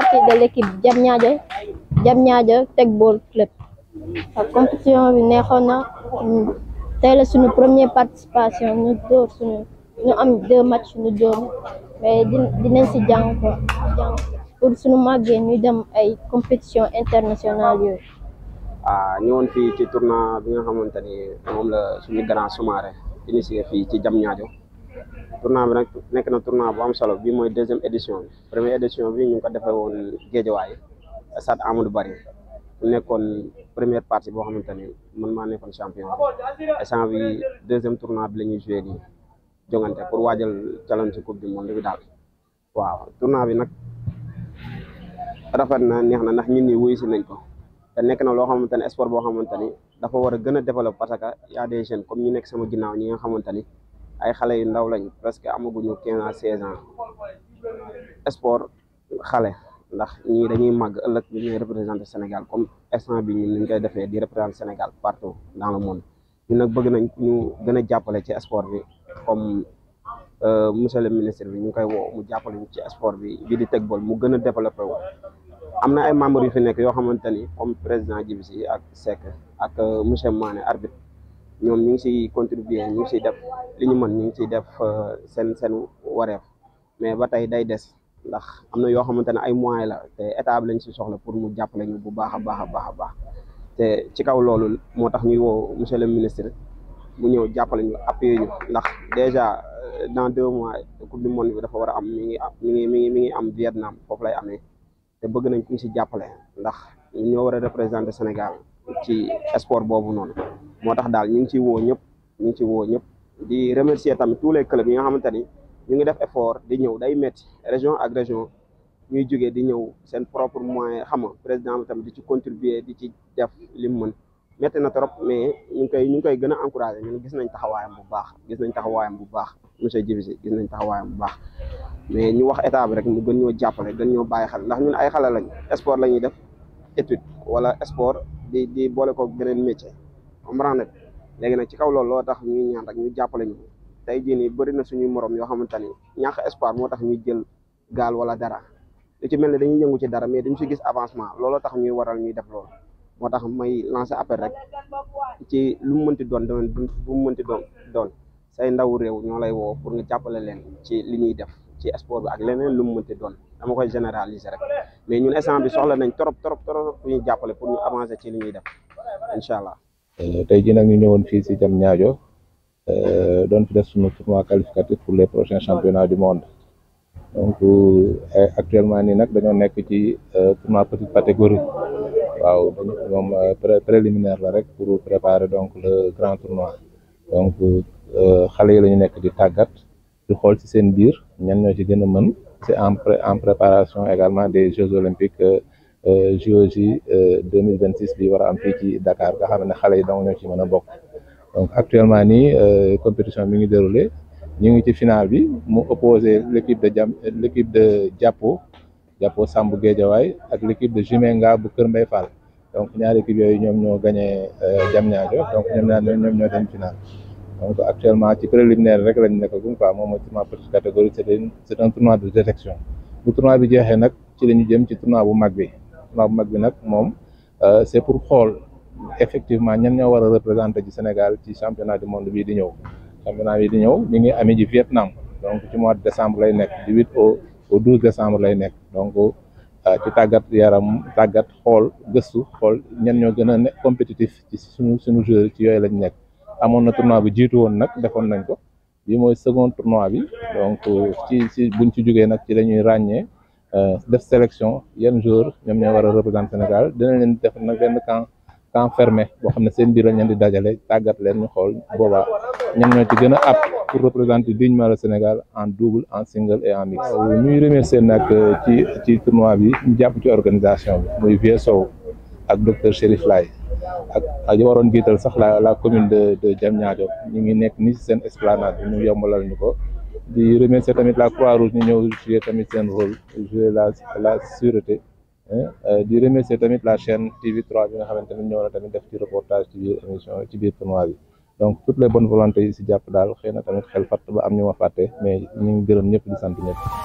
partie de l'équipe Diamniadio Diamniadio Techball Club ak compétition bi neexoon na tey suñu première participation ñu dóor suñu ñu am deux matchs ñu dóor mais dinañ si jàng ko jàng pour suñu màggee ñu dem ay compétition internationale yooyu ah ñëwoon fii ci tournoi bi nga xamante ni moom la suñu grand Soumaré initié fii ci Diamniadio tournant bi nag nekk na tournant bu am solo bii mooy deuxième édition bi première édition ñu ngi ko defee woon Géejawaay stade Amadou Barry nekkoon première partie boo xamante ni man maa nekkoon champion échange bi deuxième tournant bi la ñuy joué nii jongante pour waajal challenge coupe du monde bi daal waaw tournant bi nag rafet na neex na ndax ñun ñi wuyu si nañ ko te nekk na loo xamante ni sport boo xamante ni dafa war a gën a développer parce que y a des jeunes comme ñu nekk sama ginnaaw ñi nga xamante ni ay xale yu ndaw lañ presque amaguñu quinze ans seize ans sport xale ndax ñii dañuy màgg ëllëg ñu ñooy représenter Sénégal comme instant bi ñun ñu koy defee di représenter Sénégal partout dans le monde ñun nag bëgg nañ ñu gën a jàppale ci sport bi comme euh, monsieur le ministre bi ñu koy woo mu jàppale ñu ci sport bi bi di teg bol mu gën a développé wu. am na ay membres yu fi nekk yoo xamante ni comme président Djibi Sy ak Seck ak euh, monsieur Mané arbitre. ñoom ñu ngi siy contribuer ñu ngi siy def li ñu mën ñu ngi siy def euh, seen seen wareef mais ba tey day des ndax am na yoo xamante ne ay moyens la te état bi lañ si soxla pour mu jàppale ñu bu baax a baax a baax a baax te ci kaw loolu moo tax ñuy woo monsieur le ministre mu ñëw jàppale ñu appuyer ñu ndax déjà euh, dans deux mois coupe du monde bi dafa war a am mi ngi mi ngi mi ngi mi ngi am Vietnam foofu lay amee te bëgg nañ ku si jàppale ndax ñoo war a représenter Sénégal ci sport boobu noonu moo tax daal ñu ngi ci woo ñëpp ñu ngi woo ñëpp di remercier tamit tous les clubs yi nga xamante ni ñu ngi def effort di ñëw day metti région ak région ñuy jógee di ñëw seen propre moyen xam nga président bi tamit di ci contribuer di ci def li mu mën metti na trop mais ñu ngi koy ñu ngi koy gën a encouragé ñun gis nañ taxawaayam bu baax gis nañ taxawaayam bu baax monsieur Djibisi gis nañ taxawaayam bu baax mais ñu wax état bi rek mu gën ñoo jàppale gën ñoo bàyyi xel ndax ñun ay xale lañ sport la ñuy def étude wala sport di di boole ko beneen métier comprendre nga léegi nag ci kaw lool loo tax ñuy ñaan rek ñu jàppale ñu tey jii nii bëri na suñuy morom yoo xamante ni ñàkk espoir moo tax ñuy jël gaal wala dara lu ci mel ne dañuy yëngu ci dara mais dañu si gis avancement looloo tax ñuy waral ñuy def loolu moo tax may lancer appel rek ci lu mu mënti doon doon bu mu mënti doon doon say ndaw réew ñoo lay woo pour nga jàppale leen ci li ñuy def ci sport bi ak leneen lu mu mënti doon dama koy généraliser rek mais ñun instant bi soxla nañ trop trop trop ñu jàppale pour ñu avancer ci li ñuy def incha allah. Euh, tey jii nag ñu ñëwoon fii si jam ñaajo euh, doon fi def suñu tournoi qualificatif pour les prochains championnats du monde donc euh, actuellement nii nag dañoo nekk ci tournoi petite catégorie waaw moom préliminaire la rek pour préparer donc le grand tournoi donc xale yi la ñu nekk ci tàggat di xool ci seen biir ñan ñoo ci gën mën c'est en en préparation également des Jeux olympiques JOJ euh, 2026 euh, bi war am fii ci Dakar nga xam ne yi dong ñoo ci mën a donc actuellement ni euh, compétition mi ngi déroulé ñu ngi ci finale bi mu opposé l'équipe de jam l' équipe de Jàppo Jàppo Samb Géejawaay ak l'équipe de Jumenga bu Kër Mbay Fall donc ñaar équipe yoy ñom ñoo gagné Diamniadio donc ñom ñaar ñoom ñoo dem finale donc actuellement ci préliminaire rek lañ nekkagum quoi moom mooy ci ma catégorie c' est un tournoi de détection bu tournoi bi jeexee nak ci lañu jëm ci tournoi bu mag bi. département bu mag bi nag moom euh, c'est pour xool effectivement ñan ñoo war a représenter ci Sénégal ci championnat du monde bii di ñëw championnat bii di ñëw ñu ngi amee ji Vietnam donc ci mois de décembre lay nekk du 8 au au 12 décembre lay nekk donc euh, ci tàggat yaram tàggat xool gëstu xool ñan ñoo gën a ne compétitif ci suñu suñu joueur ci yooyu lañ nekk amoon na tournoi bi jiitu woon nag defoon nañ ko bi mooy second tournoi bi donc euh, ci ci buñ ci jógee nag ci la ñuy ràññee Euh, def sélection yenn jour ñoom ña war a représenter Sénégal dinañ leen def na benn camp camp fermé boo xam ne seen biir lañ leen di dajale tàggat leen ñu xool boobaa ñoom ñoo ci gën a apte pour représenter dignement le Sénégal en double en single et en mix. Euh, ñuy remercier nag euh, ci ci tournoi bi ñu jàpp ci organisation bi muy Vieux Sow ak docteur Chérif Laye ak ak waroon jiital sax la la commune de de Diamniadio ñu ngi nekk ni seen esplanade ñu yombalal ñu ko. di remercier tamit la Croix-Rouge ni jouer rôle jouer la la sûreté hein, euh, di remercier la chaîne TV3 bi nga reportage ci émission ci biir donc toutes les bonnes volontés ici japp dal Je tamit xel ba am mais